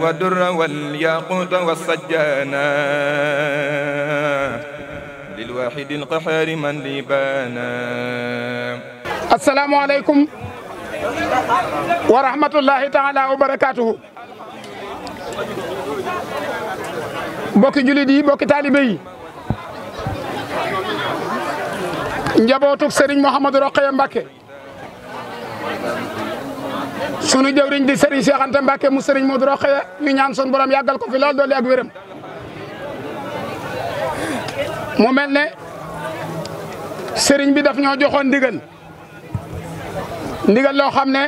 والدر والياقوت والسجانا للواحد القحار من لي بانا السلام عليكم ورحمة الله تعالى وبركاته mbokki jullit yi mbokki taalibe yi njabootuk Serigne Mouhamadou Rokhaya Mbacké sunu jëwriñ di Serigne Cheikh Anta Mbacke mu Serigne Modou Rokhaya ñu ñaan sun borom yàggal ko fi lool doole ak wéram mu mel ne sëriñ bi daf ñoo joxoon ndigal ndigal loo xam ne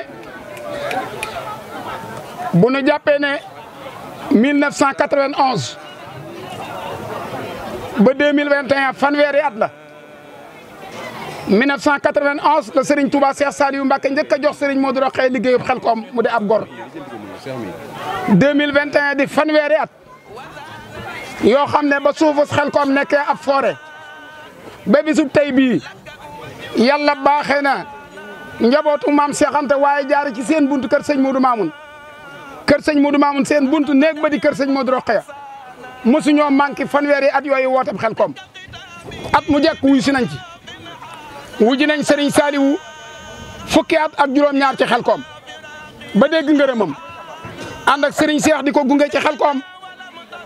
bu nu jàppee ne 1991 ba mille 2021 fanweeri at la. cent 1991 la Serigne Touba Cheikh Saliou Mbacke njëkk a jox Serigne Modou Rokhaya liggéeyub Xelkom mu di ab gor. de di fanweeri at yoo xam ne ba suufu Xelkom nekkee ab forêt ba bisub tey bii yàlla baaxee na njabootu maam Cheikh Anta waaye jaar ci seen buntu kër sëñ Modou Mamoun. kër sëñ Modou Mamoun seen buntu néeg ba di kër sëñ Modou Rokhaya mosuñoo manqué fanweeri at yooyu wooteeb Xelkom at mu jekk wuyu si nañ ci. wuji nañ Serigne Saliou fukki at ak juróom-ñaar ci Xelkom ba dégg ngërëmam ànd ak Serigne Cheikh di ko gunge ci Xelkom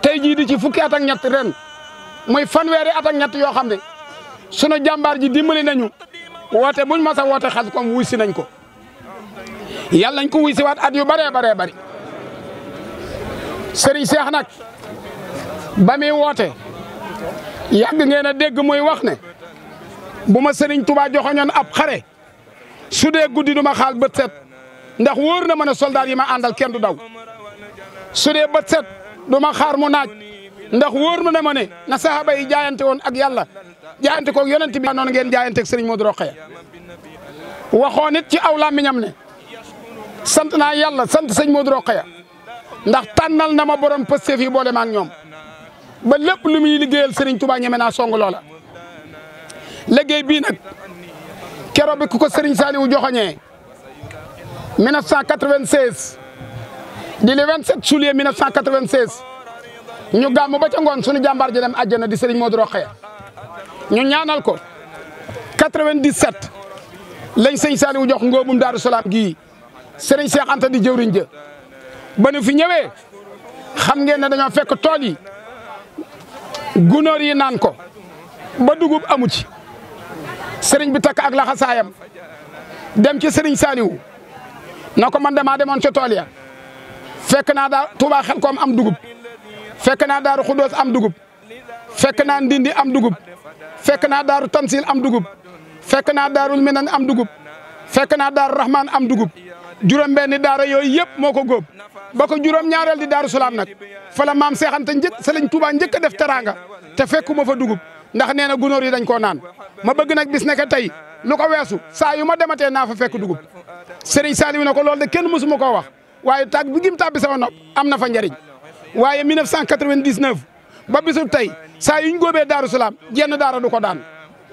tey jii di ci fukki at ak ñett ren muy fanweeri at ak ñett yoo xam ne sunu jàmbaar ji dimbali nañu woote buñ mas a woote Xelkom wuy si nañ ko yàlla nañ ko wuy si waat at yu bëree baree bari sëriñ seex nag ba muy woote yàgg ngeen a dégg muy wax ne. bu ma sëriñ Touba joxoñoon ab xare su dee guddi du ma xaal bët set ndax wóor na ma ne soldaar yi ma àndal kenn du daw su dee bët set du ma xaar mu naaj ndax wóor na ma ne na saxaaba yi jaayante woon ak yàlla jaayante koog yonent bi noonu ngeen jaayante ak sëriñ Modou Rokhaya waxoon it ci aw làmmiñam ne sant naa yàlla sant sëñ Modou Rokhaya ndax tànnal na ma borom pëste fii boole ma ak ñoom ba lépp lu muy liggéeyal sëriñ Touba ñeme naa song loola. liggéey bii nag keroog bi ku ko Serigne Saliou joxoñee 1996 di le 27 juillet 1996 ñu gàmm ba ca ngoon sunu jàmbaar ji dem àjjana di Serigne Modou Rokhaya ñu ñaanal ko 97 lañ sëñ wu jox ngóobum Daaru Salaam gii Serigne Cheikh Anta di jëwriñ ja ba nu fi ñëwee xam ngeen ne dañoo fekk tool yi gunóor yi naan ko ba dugub amu ci. sëriñ bi takk ak laxasaayam dem ci sëriñ Saaliwu na ko man damaa demoon ca tool ya fekk naa daa Tuubaa xel koom am dugub fekk naa daaru Xuddoos am dugub fekk naa Ndindi am dugub fekk naa daaru Tansil am dugub fekk naa daarul Minan am dugub fekk naa daaru Rahman am dugub juróom-benni daara yooyu yëpp moo ko góob ba ko juróom-ñaareel di daaru Salaam nag fa la maam Seex Anta njëkk Sëriñ Tuubaa njëkk a def teraanga te fekkuma fa dugub. ndax nee na gunóor yi dañ koo naan ma bëgg nag bis neke tey lu ko weesu saa yu ma dematee naa fa fekk dugub Serigne Saliou na ko lool de kenn mësuma koo wax waaye tàgg bi gim tàbbi sama nopp am na fa njariñ waaye 1999 ba bisu tey saa yuñ góobee Daaru Salaam jenn daara du ko daan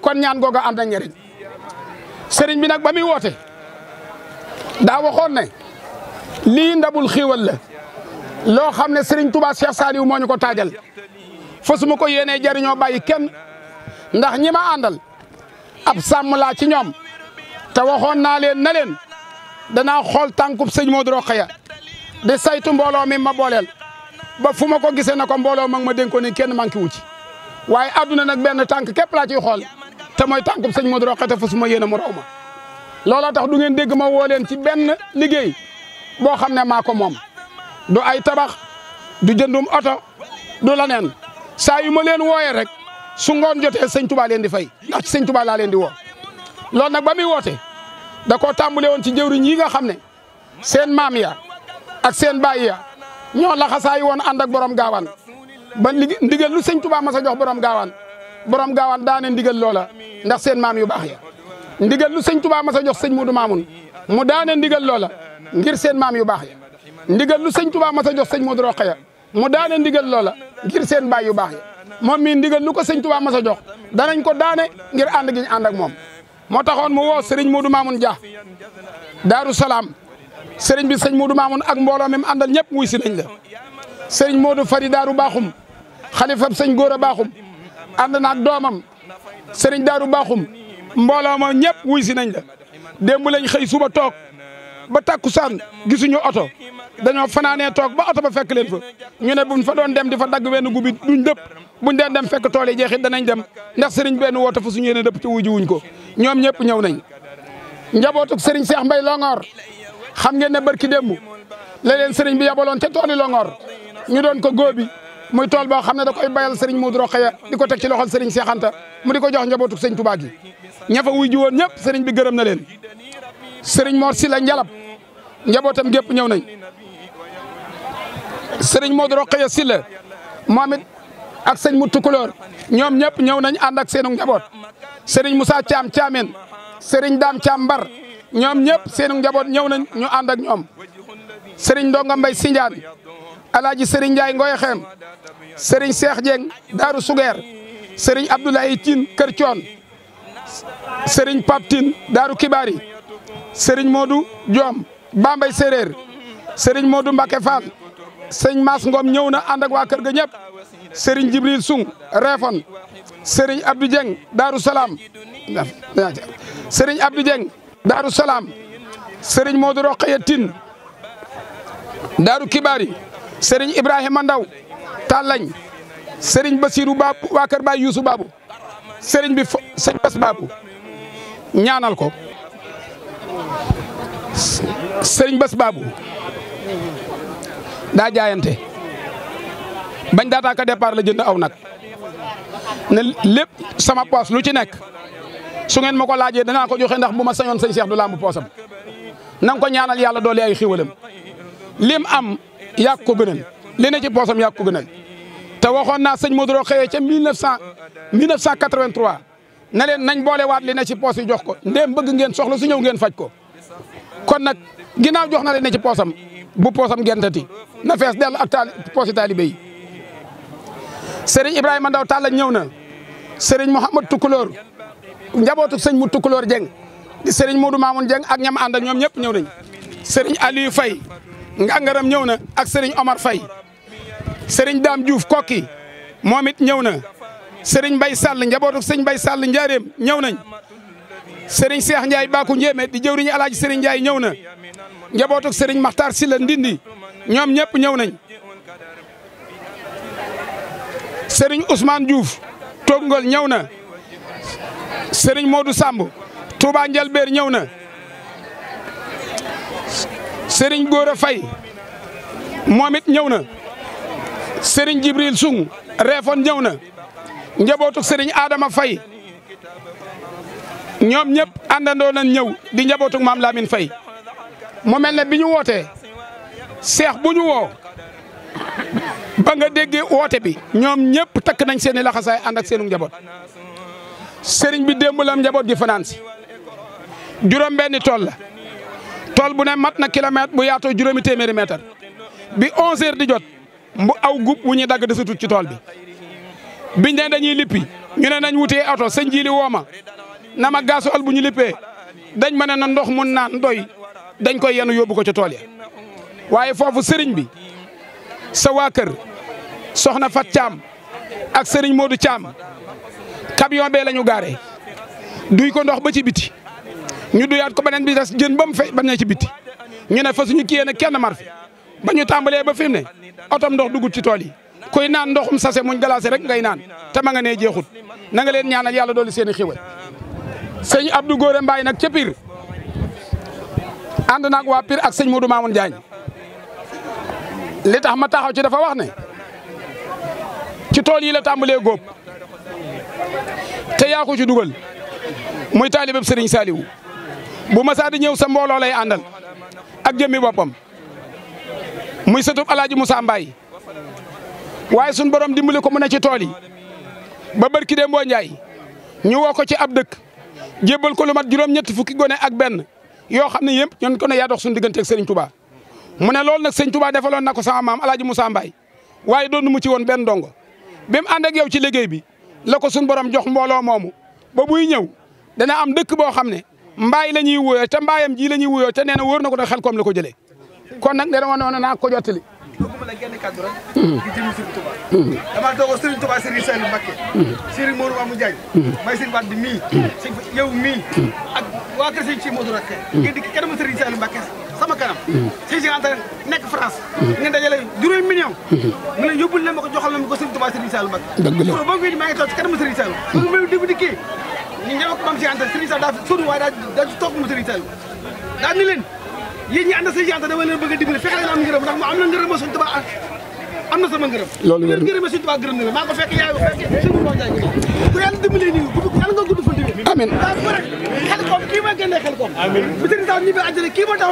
kon ñaan googa am na njariñ sëriñ bi nag ba muy woote daa waxoon ne lii ndabul xiiwal la loo xam ne sëriñ Touba Cheikh Saliou moo ñu ko taajal fasuma ko yéenee jariñoo bàyyi kenn ndax ñi ma àndal ab sàmm laa ci ñoom te waxoon naa leen na leen danaa xool tànkub sëñ Modou Rokhaya di saytu mbooloo mi ma booleel ba fu ma ko gisee na ko mbooloo mag ma dénkoon ni kenn manqué wu ci waaye àdduna nag benn tànk képp laa ciy xool te mooy tànkub sëñ Modou Rokhaya te fa su ma yéene mu raw ma looloo tax du ngeen dégg ma woo leen ci benn liggéey boo xam ne maa ko moom du ay tabax du jëndum oto du leneen saa yu ma leen wooye rek su ngoon jotee sëñ Touba leen di fay ndax ci sëñ laa leen di woo loolu na ba muy woote da koo tàmbale woon ci jëwriñ yi nga xam ne seen maam ya ak seen baay ya ñoo laxasaay woon ànd ak borom gaawaan ba ndigal lu sëñ Touba mas jox borom gaawaan borom gaawaan daane ndigal loola ndax seen maam yu baax ya ndigal lu sëñ Touba mas a jox sëñ Mudu Maamun mu daane ndigal loola ngir seen maam yu baax ya ndigal lu sëñ Touba mas a jox sëñ Mudu Roqaya mu daane ndigal loola ngir seen baay yu baax ya moom mii ndigal nu ko sëñ Tuubaa mas a jox danañ ko daane ngir ànd gi ñu ak moom moo taxoon mu woo Serigne Modou Mamoun Dia Daaru Salaam Serigne bi sëñ Modou Mamoun ak mbooloo mi mu àndal ñëpp wuy si nañ la seriñ Modou Fari Daaru Baaxum xalifab sëñ Góora Baaxum ànd na doomam Serigne Daaru Baaxum mbooloo ma ñëpp wuy si nañ la démb lañ xëy suba toog. ba takkusaan gisuñu oto dañoo fanaanee toog ba oto ba fekk leen fa ñu ne buñ fa doon dem di fa dagg wenn gubi duñ dëpp buñ deen dem fekk tool yi da nañ dem ndax sëriñ benn woote fa suñu yéene dëpp te wuji wuñ ko ñoom ñëpp ñëw nañ njabootuk sëriñ Cheikh mbay Longhor xam ngeen ne barki démb la leen sëriñ bi yabaloon te tooli Longhor ñu doon ko góobi muy tool boo xam ne da koy bayal sëriñ Modou Rokhaya di ko teg ci loxol sëriñ Cheikh mu di ko jox njabootuk sëriñ Touba gi ña fa wuy ji na leen sëriñ Mor sila Njalab njabootam gépp ñëw nañ sëriñ Modou Rokhaya Sylla moom it ak sëñ Moutou Couleur ñoom ñëpp ñëw nañ ànd ak seenu njaboot sëriñ Moussa Thiam Thiamène sëriñ Dame Thiam Mbar ñoom ñëpp seenu njaboot ñëw nañ ñu ànd ak ñoom sëriñ Ndonga Mbay Sinjaan alaaji sëriñ Ndiaye Ngoye Xem sëriñ Cheikh Dieng Daaru Sugeer sëriñ Abdoulaye Tine Kër Coon sëriñ Pape Daaru Kibaari Serigne Modou Diom Bambey Séeréer Serigne Modou Mbacké Fall sëñ Mass Ngom ñëw na ànd ak waa kër ga ñëpp Serigne Jibril Sung Réfon Serigne Abdou Dieng Darou Salaam Serigne Abdou Dieng Darou Kibari Serigne Ibrahima Ndaw Tallañ Serigne Basirou Babu waa kër Baay Youssou Babu Serigne bi fo sëñ Bass Babu ñaanal ko sëriñ Bass Babou daa jaayante bañ daataaka départ la jënd aw nag ne lépp sama poos lu ci nekk su ngeen ma ko laajee danaa ko joxe ndax bu ma sañoon sëñ Cheikh du lamb poosam na ko ñaanal yàlla doole ay xiwalam lim am yaa ko gënal li ne ci poosam yaa ko gënal te waxoon naa sëñ Modou Ro xëyee ca mille neuf cent mille quatre-vingt-trois na leen nañ boolewaat li ne ci poos yi jox ko ndéem bëgg ngeen soxla su ñëw ngeen faj ko kon nag ginnaaw jox na leen ne ci poosam bu poosam gentati na fees dellu ak taal poosi taalibe yi Serigne Ibrahima Ndaw Talla ñëw na Serigne Mouhamad Tukulóor njabootu sëñ mu Tukulóor Jeng di Serigne Modou Mamoun Jeng ak ñam ànd ak ñoom ñëpp ñëw nañ Serigne Aliou Faye ngangaram ñëw na ak Serigne Omar Faye Serigne Dame Diouf kokki moom it ñëw na sëriñ Mbay Sall njabootu sëriñ Mbay Sall njaareem ñëw nañ sëriñ Seex Ndiaye Baku Njéeme di jëwriñu alaaji sëriñ Ndiaye ñëw na njabootu sëriñ Maxtaar Silla Ndindi ñoom ñëpp ñëw nañ sëriñ Ousmane Diouf Tongol ñëw na sëriñ Modou Samb Touba Njalbeer ñëw na sëriñ Gora Fay moom it ñëw na sëriñ Jibril Sung Refon ñëw na njabootu sëriñ Adama fay ñoom ñëpp àndandoo nañ ñëw di njabootu maam Lamine fay mu mel ne bi ñu wootee seex bu ñu woo ba nga déggee woote bi ñoom ñëpp takk nañ seen i laxasaay ànd ak seenu njaboot sëriñ bi démb lam njaboot gi fanaan si juróom-benni tool la tool bu ne mat na kilomètre bu yaatoo juróomi téeméeri mètre bi 11 di jot mbu aw gub wu ñuy dagg desatut ci tool bi. biñ ne dañuy lippi ñu ne nañ wutee oto sëñ jili woo ma na ma gaasu al bu ñu lippee dañ ma ne na ndox mun naan doy dañ koy yenu yóbbu ko ci tool ya waaye foofu sëriñ bi sa waa kër soxna Fat Thiam ak sëriñ Modou Thiam camion bee la ñu gaare duy ko ndox ba ci biti ñu duyaat ko beneen bi des jën ba mu fe ba ne ci biti ñu ne fa suñu kiyee ne kenn mar fi ba ñu tàmbalee ba fi mu oto otom ndox dugut ci tool yi kuy naan ndoxum sase muñ galaase rek ngay naan te ma nga nee jeexut na nga leen ñaanal yàlla doolu seen i xiwal sëñ Abdou Góore Mbaay nag ca Pire ànd naag waa Pire ak sëñ Modou Mamoun Diagne li tax ma taxaw ci dafa wax ne ci tool yi la tàmbalee góob te yaa ci dugal muy taalibeb sëriñ Saliou bu masaa di ñëw sa mbooloo lay àndal ak jëmmi boppam muy sëtub Alaaji Moussa Mbaye waaye suñ borom dimbali ko mu ne ci tool yi ba barki dee mboo njaay ñu woo ko ci ab dëkk jébbal ko lu mat juróom-ñetti fukki gone ak benn yoo xam ne yëpp ñun ko ne yaa dox suñu diggante ak Serigne Touba mu ne loolu nag Serigne Touba defaloon na ko sama maam El Hadj Moussa Mbaye waaye doon mu ci woon benn dongo bi mu ànd ak yow ci liggéey bi la ko suñu borom jox mbooloo moomu ba muy ñëw dana am dëkk boo xam ne mbaay la ñuy wuyoo te mbaayam ji la ñuy wuyoo te nee na wóor na ko nag xel koom la ko jëlee kon nag dana woon naa ko jottali bëgguma la genn kàddu rek. di jëm Serigne Touba. damaa doog a Serigne Touba mii. si yow waa kër Serigne ci Modou Rakke. ngeen di kenn mu Serigne Saliou sama kanam. si si nekk France. ngeen dajale juróomi million. mu ne yóbbul na ko joxal na ma ko Serigne Touba Serigne Saliou la ba nga di maa ngi toog ci kanamu Serigne Saliou. ba nga di daa fi sori yéen ñi ànd ak Sëñ Anta dama leen bëgg a dimbali fexe leen am ngërëm ndax mu am na ngërëm ngeen ngërëm xel koom kii ma génnee xel koom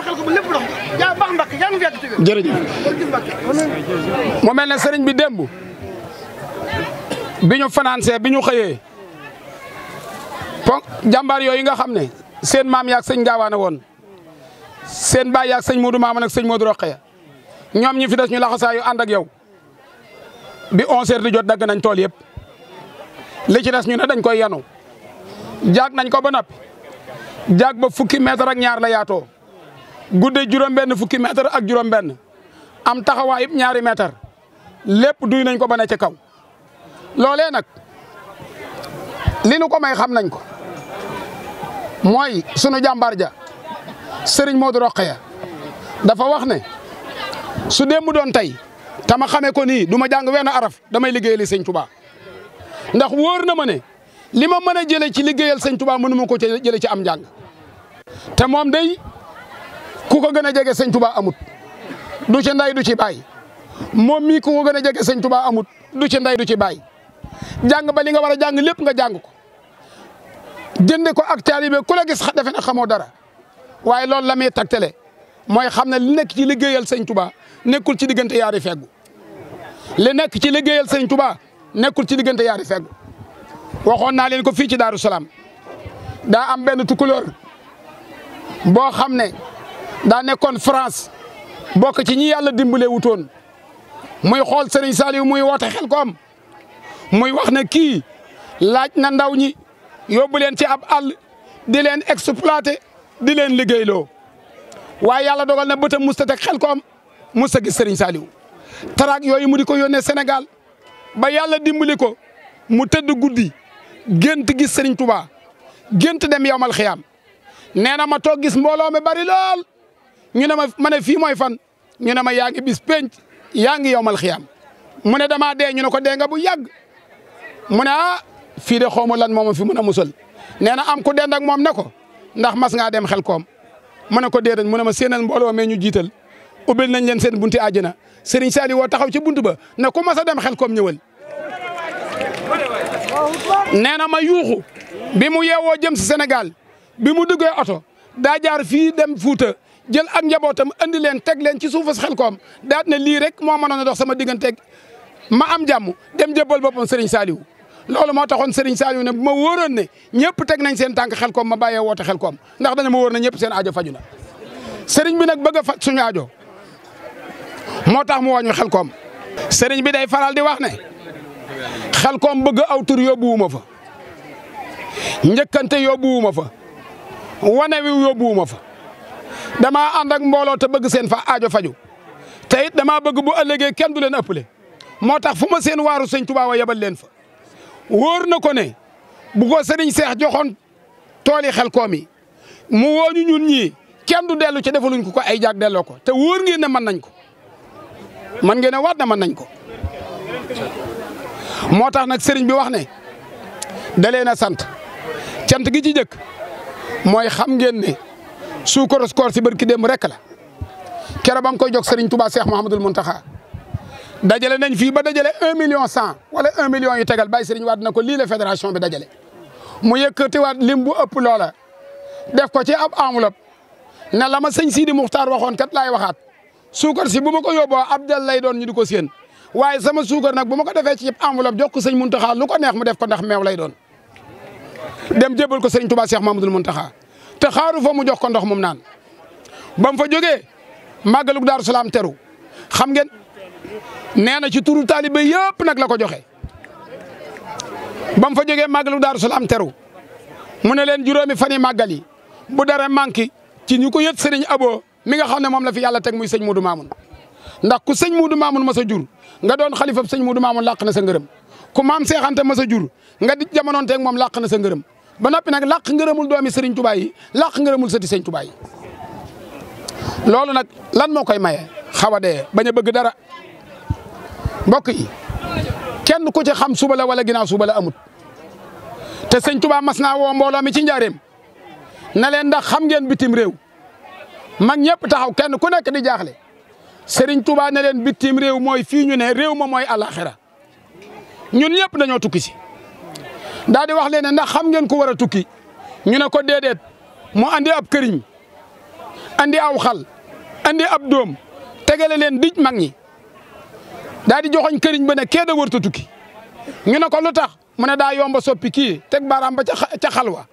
xel koom lépp dox yaa baax yaa ngi yàgg ci mu mel ne sëriñ bi démb bi ñu financé bi ñu xëyee po jàmbaar yooyu nga xam ne seen maam yaak sëñ gaawaane woon seen baay ak sëñ Modou Mamoun ak sëñ Modou Rokhaya ñoom ñi fi des ñu laxasaayu ànd ak yow bi 11h di jot dagg nañ tool yëpp li ci des ñu ne dañ koy yanu jaag nañ ko ba noppi jaag ba fukki mètre ak ñaar la yaatoo guddee juróom-benn fukki mètre ak juróom-benn am taxawaay yëpp ñaari mètre lépp duy nañ ko ba ne ca kaw. loolee nag li nu ko may xam nañ ko mooy sunu jàmbaar ja Serigne Modou Rokhaya dafa wax ne su mu doon tey te ma xamee ko nii du ma jàng wenn araf damay liggéeyali sëñ Touba ndax wóor na ma ne li ma mën a jëlee ci liggéeyal sëñ Touba mënu ma ko ca ci am njàng. te moom day ku ko gën a jege sëñ Touba amut du ci nday du ci bay moom mii ku gën a jege sëñ amut du ci nday du ci baay jàng ba li nga war a jàng lépp nga jàng ko jënde ko ak taalibe ku la gis defe na xamoo dara. waaye loolu la muy tagtale mooy xam ne li nekk ci liggéeyal sëñ Touba nekkul ci diggante yaari feggu li nekk ci liggéeyal sëñ Touba nekkul ci diggante yaari feggu waxoon naa leen ko fii ci Daaru Salaam daa am benn tukulóor boo xam ne daa nekkoon France bokk ci ñi yàlla dimbale wutoon muy xool Serigne Saliou muy woote xel koom muy wax ne kii laaj na ndaw ñi yóbbu leen ci ab àll di leen exploité. di leen liggéeyloo waaye yàlla dogal na bëtam musta te xel koom musta gis Serigne Saliou taraak yooyu mu di ko yónnee Sénégal ba yàlla dimbali ko mu tëdd guddi gént gis Serigne Touba gént dem yowmal xiyaam nee na ma toog gis mbooloo mi bari lool ñu ne ma ma ne fii mooy fan ñu ne ma yaa ngi bis penc yaa ngi yowmal xiyaam mu ne damaa dee ñu ne ko dee nga bu yàgg mu ne ah fii de xawma lan mooma fi mën a musal nee na am ku dend ak moom ne ko ndax mas ngaa dem xel koom ma ne ko déedéet mu ne ma seenal mbooloo mee ñu jiital ubbil nañ leen seen bunti àjjana Serigne Saliou woo taxaw ci bunt ba na ku mas a dem xel koom ñëwal. nee na ma yuuxu bi mu yeewoo jëm si senegal bi mu duggee oto daa jaar fii dem Fuuta jël ak njabootam andi leen teg leen ci suufu xel koom daat na lii rek moo mënoon na dox sama digganteeg ma am jàmm dem jébbal boppam Serigne Saliou. loolu moo taxoon Serigne Saliou ne bu ma wóoroon ne ñëpp teg nañ seen tànk xel koom ma bàyyee woote xel koom ndax dana ma wóor ne ñëpp seen aajo faju na Serigne bi nag bëgg a faj aajo moo tax mu wàññi xel koom Serigne bi day faral di wax ne xel koom bëgg aw tur yóbbuwuma fa njëkkante yóbbuwuma fa wane wi yóbbuwuma fa damaa ànd ak mbooloo te bëgg seen fa aajo faju tey it damaa bëgg bu ëllëgee kenn du leen ëppale moo tax fu ma seen waaru sëñ Tuubaa wa yebal leen fa. wóor na ko ne bu ko sëriñ seex joxoon tool yi xel koom yi mu wooñu ñun ñii kenn du dellu ca defaluñ ko ko ay jaag delloo ko te wóor ngeen ne mën nañ ko man ngeen ne waat na mën nañ ko moo tax nag sëriñ bi wax ne da leen a sant cant gi ci jëkk mooy xam ngeen ne suukaru koor si barki demb rek la kere ba nga koy jox sëriñ Touba Cheikh Mouhamadoul Mountakha dajale nañ fii ba dajale un million cent wala un million yu tegal bàyyi Serigne waat na ko lii la bi dajale mu yëkkatiwaat lim bu ëpp loola def ko ci ab enveloppe na la ma sëñ Sidi Muxtaar waxoon kat laay waxaat suukar si bu ma ko ab Abdel lay doon ñu di ko séen waaye sama suukar nag bu ma ko defee ci enveloppe jox ko señ sëñ Muntaxa lu ko neex mu def ko ndax meew lay doon dem jébbal ko sëñ Touba Cheikh Mamadou Muntaxa te xaar fa mu jox ko ndox moom naan ba mu fa jógee màggalug Daaru Salaam teru xam nee na ci turu taalibe yëpp nag la ko joxe ba mu fa jógee màggalu Daaru Salaam teru mu ne leen juróomi fan yi màggal yi bu dara manqué ci ñu ko yët sëriñ Abo mi nga xam ne moom la fi yàlla teg muy sëñ Muudu Maamun ndax ku sëñ Muudu Maamun ma sa jur nga doon xalifab sëñ Muudu Maamun làq na sa ngërëm ku maam seexante ma sa jur nga di jamonoonteeg moom làq na sa ngërëm ba noppi nag làq ngërëmul doomi sëriñ Tuubaa yi làq ngërëmul sëti sëñ Tuubaa yi loolu nag lan moo koy maye mbokk yi kenn ku ci xam suba la wala ginnaaw suba la amut te sëñ Tuba mas naa woo mbooloo mi ci njaareem na leen ndax xam ngeen bitim réew man ñëpp taxaw kenn ku nekk di jaaxle Serigne Touba ne leen bitim réew mooy fii ñu ne réew ma mooy alaxira ñun ñëpp dañoo tukki si daal di wax leen ne ndax xam ngeen ku war a tukki ñu ne ko déedéet mu andi ab këriñ andi aw xal andi ab doom tegale leen dij mag ñi daa di joxoñ këriñ ba ne kee da wërta tukki ñu ne ko lu tax mu ne daa yomba soppi kii teg baaraam ba ca xalwa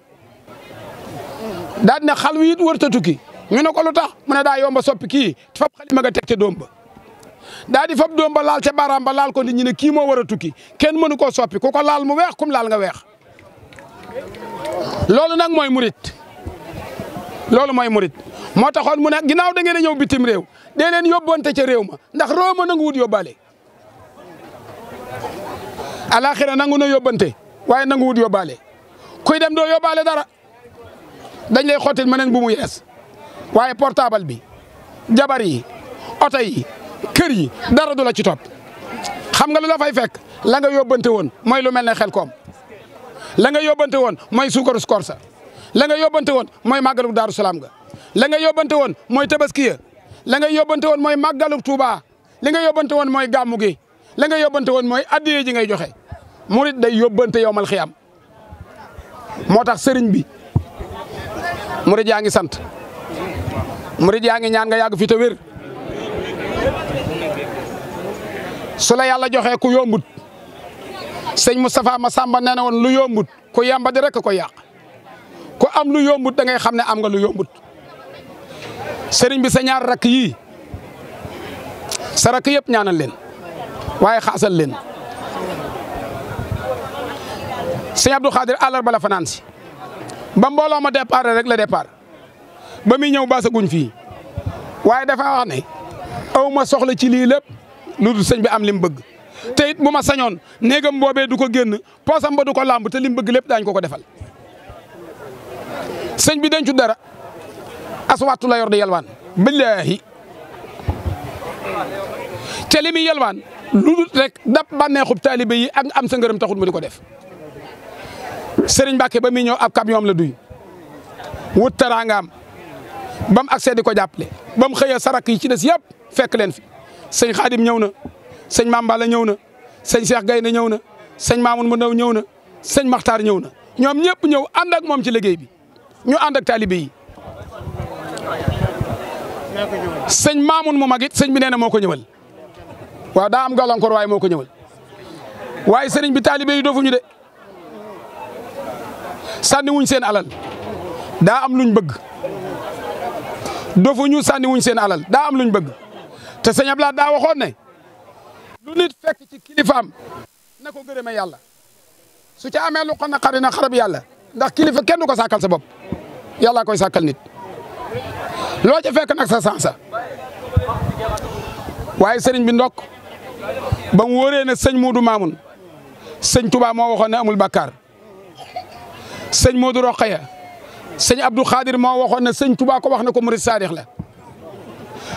daa di ne xalwa it wërta tukki ñu ne ko lu tax mu ne daa yomba soppi kii fab xalima ga teg ca doom ba daa di fab doom laal ca baaraam ba laal ko nit ñi ne kii moo war a tukki kenn mënu koo soppi ku ko laal mu weex kum laal nga weex loolu nag mooy murit loolu mooy murit moo taxoon mu ne ginnaaw da ngeen a ñëw bitim réew dee leen yóbboonte ca réew ma ndax réew ma nangu wut yóbbaale alaxira nangu na yóbbante waaye nangu wut yóbbaale kuy dem doo yóbbaale dara dañ lay xottil mëneen bu mu yees waaye portable bi jabar yi oto yi kër yi dara du la ci topp xam nga lu la fay fekk la nga yóbbante woon mooy lu mel ne xel koom la nga yóbbante woon mooy suukaru koor la nga yóbbante woon mooy màggalu daaru salaam nga la nga yóbbante woon mooy tabaski la nga yóbbante woon mooy màggalu Tuuba li nga yóbbante woon mooy gàmmu gi la nga yóbbante woon mooy addiye ji ngay joxe murit da yóbbante yowmal xiyaam moo tax sëriñ bi murit yaa ngi sant murit yaa ngi ñaan nga yàgg fi te wér su yàlla joxee ku yombut sëñ Moustapha ma sàmba na woon lu yombut ku yamba di rek ko yàq ku am lu yombut da ngay xam ne am nga lu yombut sëriñ bi sa ñaar rakk yi sa rakk yëpp ñaana leen waaye xaasal leen. sëñ Abdou Khadir àllarba la fanaan si ba ma départ rek la départ ba muy ñëw baasaguñ fii waaye dafa wax ne soxla ci lii lépp lu dul bi am li mu bëgg. te bu ma sañoon néegam boobee du ko génn poosam ba du ko làmb te li bëgg lépp daañu ko ko defal sëñ bi dencu dara aswaatu la yor di yalwaan billaahi te li muy yalwaan lu dul rek dab bànneexub taalibe yi ak am sa ngërëm taxut mu di ko def. Serigne Mbacke ba mi ñëw ab camion la duy wut teraangaam ba mu di ko jàppale ba mu xëyee sarak yi ci des yëpp fekk leen fi sëñ Xaadim ñëw na sëñ Mambala ñëw na sëñ Cheikh Gaynde ñëw na sëñ Mamoun mu ndaw ñëw na sëñ Maxtaar ñëw na ñoom ñëpp ñëw ànd ak moom ci liggéey bi ñu ànd ak taalibe yi. sëñ Mamoun mu mag it sëñ bi neena moo ko ñëwal waaw daam am gàllankoor waaye moo ko ñëwal waaye sëriñ bi taalibe yi de. sànni wuñ seen alal daa am luñ bëgg ñu sànni wuñ seen alal daa am luñ bëgg te sëñ Ablaye daa waxoon ne lu nit fekk ci kilifaam na ko gërëme yàlla su ca amee lu ko naqari na xarab yàlla ndax kilifa kenn du ko sàkkal sa bopp yàllaa koy sàkkal nit loo ca fekk nag sa sansa waaye sëriñ bi ndokk ba mu wóoree ne sëñ Muudu Maamun sëñ Tuubaa waxoon ne amul bàkkaar sëñ Modou Rokhaya sëñ Abdou Khadir moo waxoon na sëñ Touba wax na ko murid saadix la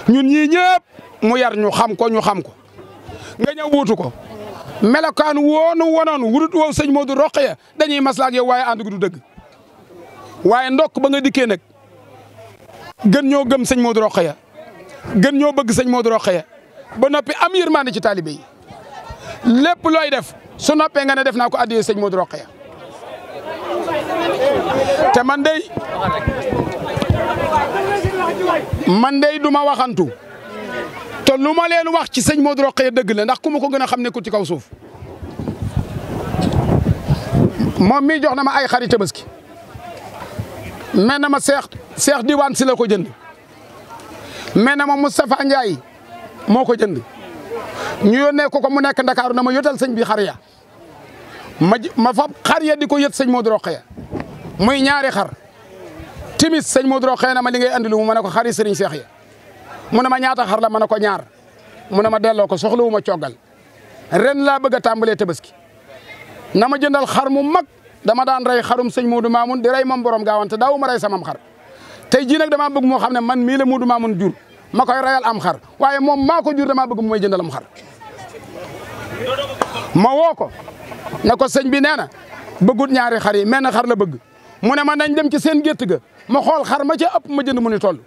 ñun ñii ñëpp mu yar ñu xam ko ñu xam ko nga ñëw wuutu ko melokaan woonu wonoon wudut woow sëñ Modou Rokhaya dañuy maslaak yow waaye ànd gu du dëgg waaye ndokk ba nga dikkee nag gën ñoo gëm sëñ Modou Rokhaya gën ñoo bëgg sëñ Modou Rokhaya ba noppi am yërmande ci taalibe yi lépp looy def su noppee nga ne def naa ko addiyee sëñ Modou Rokhaya te man dey man dey du ma waxantu to lu ma leen wax ci sëñ Modou Rokhaya dëgg la ndax ku ma ko gën a xam ne ku ci kaw suuf moo mii jox na ma ay xari tabaski mel na ma seex seex diwaan si ko jënd mel na ma Moustapha Ndiaye moo ko jënd ñu yónnee ko ko mu nekk Ndakaaru na ma yotal sëñ bi xar ma ma ma fab xar di ko yët sëñ Modou Rokhaya muy ñaari xar timi sëñ Modou Lo xëy na ma li ngay andi lu ma ne ko xari sëriñ Seex ya mu ne ma ñaata xar la ma ne ko ñaar mu ne ma delloo ko soxlawu ma coggal ren laa bëgg a tàmbalee tabaski na ma jëndal xar mu mag dama daan rey xarum sëñ Modou Mamoun di rey moom borom gaawante daawu ma rey samam xar tey jii nag damaa bëgg moo xam ne man mii la Modou Mamoun jur ma koy reyal am xar waaye moom maa ko jur damaa bëgg mu may jëndal am xar ma woo ko ne ko sëñ bi nee na bëggut ñaari xar yi menn xar la bëgg mu ne ma nañ dem ci seen gétt ga ma xool xar ma ci ëpp ma jënd mu ni toll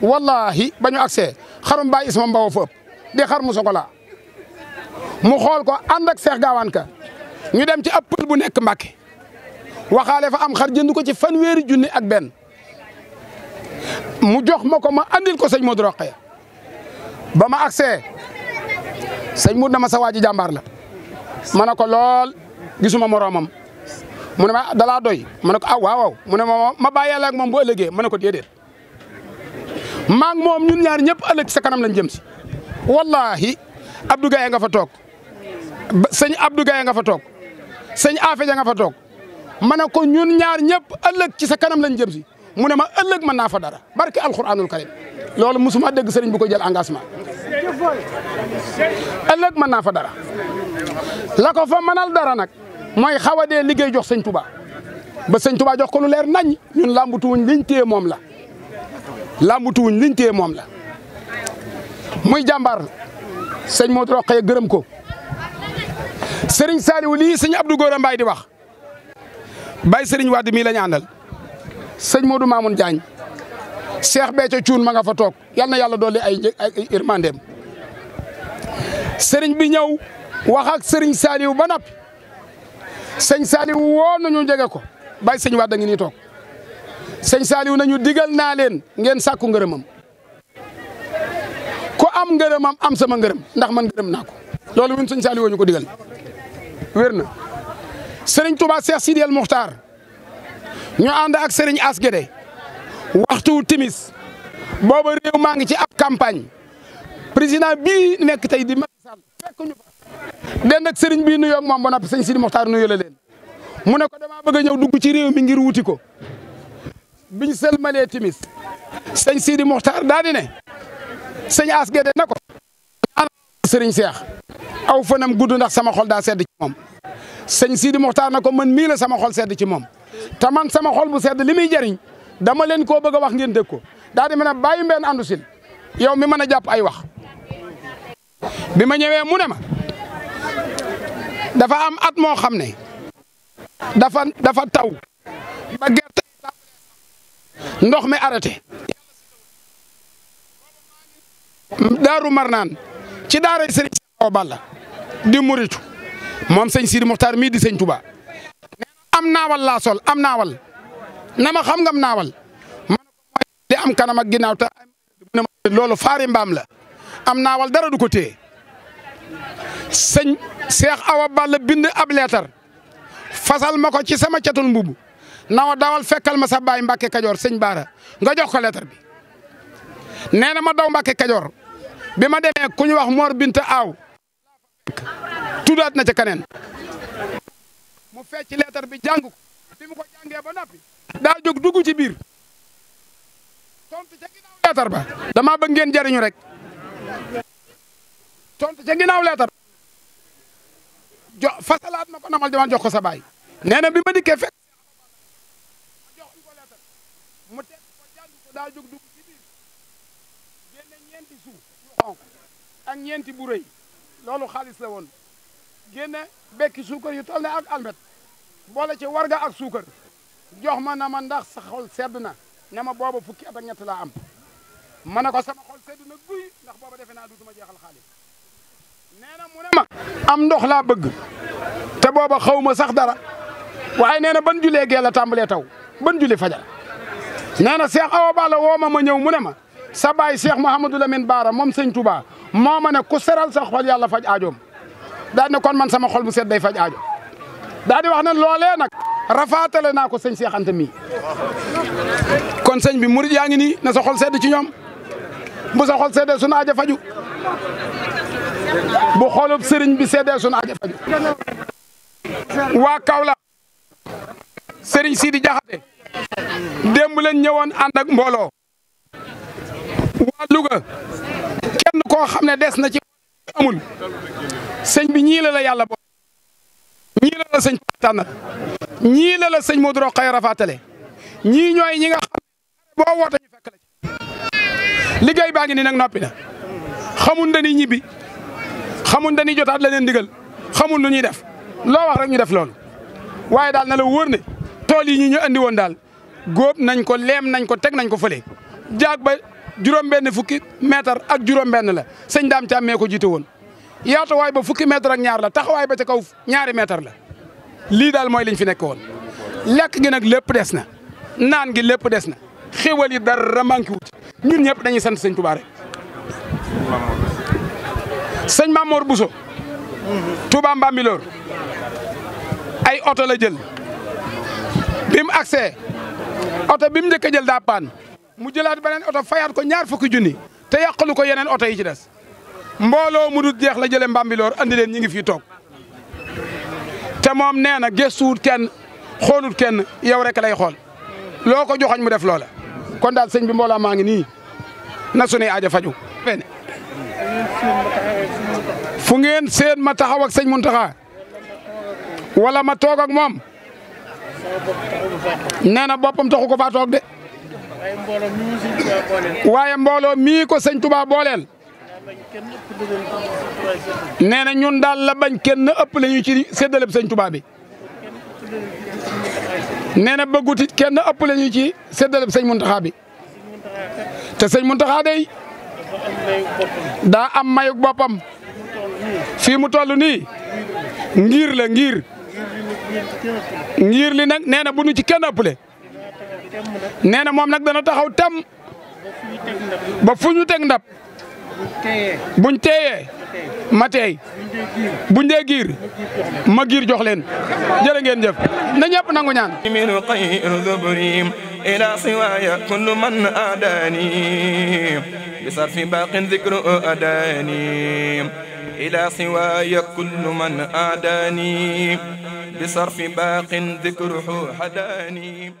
wallahi ba ñu agsee xarum bàyyi isma mbaw fa ëpp di xar mu sokola mu xool ko ànd ak seex gaawaan ka ñu dem ci ëppal bu nekk Mbàkke waxaale fa am xar jënd ko ci fanweeri junni ak benn mu jox ma ko ma andil ko sëñ Modou Rokhaya ba ma agsee sëñ Modou na ma sa waa ji jàmbaar la ma ne ko lool gisuma moroomam mu ne ma ah, dalaa doy ma ne ko ah waaw waaw mu ma ma bàyyi yàlla ak moom bu ëllëgee ma ko déedéet maa moom ñun ñaar ñëpp ëllëg sa kanam lañ jëm si. wallaahi Abdou Gaye nga fa toog sëñ Abdou nga fa toog sëñ Afeja nga fa toog ma ne ko ñun ñaar ñëpp ëllëg ci sa kanam lañ jëm si mu ne ma ëllëg mën naa fa dara barke alxuraanul karim loolu mosuma dégg sëriñ bu ko jël engagement. ëllëg mën naa fa dara la ko fa mënal dara nag. mooy xaw a dee liggéey jox sëñ Touba ba sëñ Touba jox ko lu leer nañ ñun làmbatuwuñ liñ téye moom la làmbatuwuñ liñ téye moom la muy jàmbaar sëñ Modou Rokhaya gërëm ko sëriñ Saliou lii sëñ Abdou Gora Mbaye di wax bay sëriñ Wade mii la ñu àndal sëñ Modou Mamoun Diagne Cheikh Béthio Thioune ma nga fa toog yal na yàlla dolli ay ay irmandeem Serigne bi ñëw waxak sëriñ Serigne Saliou ba noppi sëñ Saliou woo nañu jege ko bàyyi sëñ Wade da ngi nii toog sëñ Saliou nañu digal naa leen ngeen sàkku ngërëmam ku am ngërëmam am sama ngërëm ndax man ngërëm naa ko loolu win sëñ Saliou woo ko digal wér na sëriñ Touba Cheikh Sidi El ñu ànd ak sëriñ Asgede waxtu timis booba réew maa ngi ci ab campagne président bii nekk tey di Macky Sall fekk ñu fa den ak sëriñ bii nuyoo ak moom ba noppi sëñ Sidi Moxtaar nuyoo leen mu ne ko damaa bëgg a ñëw dugg ci réew mi ngir wuti ko biñ sëlmalee timis sëñ Sidi Moxtaar daa di ne sëñ As Guédé na ko ñaanal sëriñ Seex aw fanam gudd ndax sama xol daa sedd ci moom sëñ Sidi Moxtaar na ko man mii la sama xol sedd ci moom te sama xol bu sedd li muy jariñ dama leen ko bëgg a wax ngeen dégg ko daa di mën a bàyyi mbeen andu sil yow mi mën a jàpp ay wax bi ma ñëwee mu ne ma dafa am at moo xam ne dafa dafa taw ba gerte ndox mi arrêté daaru marnaan ci daara sëriñ Awa Balla di moom sëñ Sidi Muxtaar mii di sëñ Tuba am naawal laa sol am naawal na ma xam am naawal man mooy li am kanam ak ginnaaw ta loolu faari mbaam la am naawal dara du ko téye sëñ Seex Awa Balla bind ab leetar fasal ma ko ci sama catul mbubu nawa dawal fekkal ma sa baay Mbàkke Kajoor sëñ Baara nga jox ko leetar bi nee na ma daw Mbàkke Kajoor bi ma demee ku wax Mor Binta Aw tuddaat na ci keneen mu fecc leetar bi jàng ko bi mu daa jóg dugg ci biir tontu leetar ba damaa bëgg ngeen jariñu rek tontu jox fasalaat ma ko namal dama jox ko sa baay nee bi ma dikkee fekk jox ko mu teg ko jàng ko daal jóg dugg ci biir génne ñeenti suuf ak ñeenti bu loolu xaalis la woon génne bekki suukar yu toll ne ak almet boole ci warga ak suukar jox ma na ma ndax sa xol sedd na ne ma booba fukki at ak ñett laa am ma ne ko sama xol sedd na guy ndax booba defe naa dutuma jeexal xaalis nee na ma am ndox laa bëgg te booba xaw sax dara waaye nee na ban julee gee la tàmbalee taw ban juli faja nee na Cheikh Awa Balla ma ma ñëw mu ne ma sa baay Cheikh Mouhamadou Lamine Baara moom sëñ Touba moo ma ne ku seral sax xol yàlla faj aajoom daal ne kon man sama xol bu set day faj aajo daal wax ne loolee nag rafaatale naa ko sëñ Cheikh Anta kon sëñ bi murid yaa ngi nii na sa xol sedd ci ñoom bu sa xol seddee sunu aajo faju bu xoolub sëriñ bi seedeel sunu aajo faju waa Kaolack sëriñ Sidi Jaxate démb leen ñëwaan ànd ak mbooloo waa Louga kenn koo xam ne des na ci amul sëñ bi ñii la la yàlla bo ñii la la sëñ patana ñii la la sëñ Modou Rokhaya rafatale ñii ñooy ñi nga xam boo woote fekk la liggéey baa ngi ni nag noppi na xamul na ñibbi xamuñ dañuy jotaat leneen ndigal xamuñ lu ñuy def loo wax rek ñu def loolu waaye daal na la wóor ne tool yi ñu ñu andi woon daal góob nañ ko leem nañ ko teg nañ ko fële jaag ba juróom-benn fukki mètre ak juróom-benn la sëñ daam ca amee ko jiite woon yaatuwaay ba fukki mètre ak ñaar la taxawaay ba ca kaw ñaari mètre la lii daal mooy liñ fi nekk woon lekk gi nag lépp des na naan gi lépp des na xéwal yi dara manqué wu ñun ñëpp dañuy sant sëñ Tuubaa rek sëñ Mamour Bousso Touba Mbambilor ay oto la jël bi mu agsee oto bi mu njëkk a jël daa paan mu jëlaat beneen oto fayaat ko ñaar fukki junni te yàqalu ko yeneen oto yi ci des mbooloo mu dul jeex la jëlee Mbambilor andi leen ñi ngi fii toog te moom nee na gëstuwut kenn xoolut kenn yow rek lay xool loo ko joxoñ mu def loole kon daal sëñ bi mbooloo maa ngi nii na sunuy aajo faju fu ngeen seen ma taxaw ak sëñ Muntaxa wala ma toog ak moom nee na boppam taxu ko faa toog de waaye mbooloo mii ko sëñ Tuubaa booleel nee na ñun daal la bañ kenn ëpp la ci séddaleb sëñ Tuubaa bi nee na bëggutit kenn ëpp la ñu ci séddaleb sëñ Muntaxa bi te sëñ Muntaxa day daa am mayug boppam fii mu toll nii ngiir la ngir ngiir li nag nee na bu nu ci kenn ëppale nee na moom nag dana taxaw tam ba fu ñu teg ndab buñ teeyee ma teey buñ dee giir ma giir jox leen jërë ngeen jëf na ñëpp nangu ñaan إلى سواي كل من أداني بصرف باق ذكر أداني إلى سواي كل من أداني بصرف باق ذكر حداني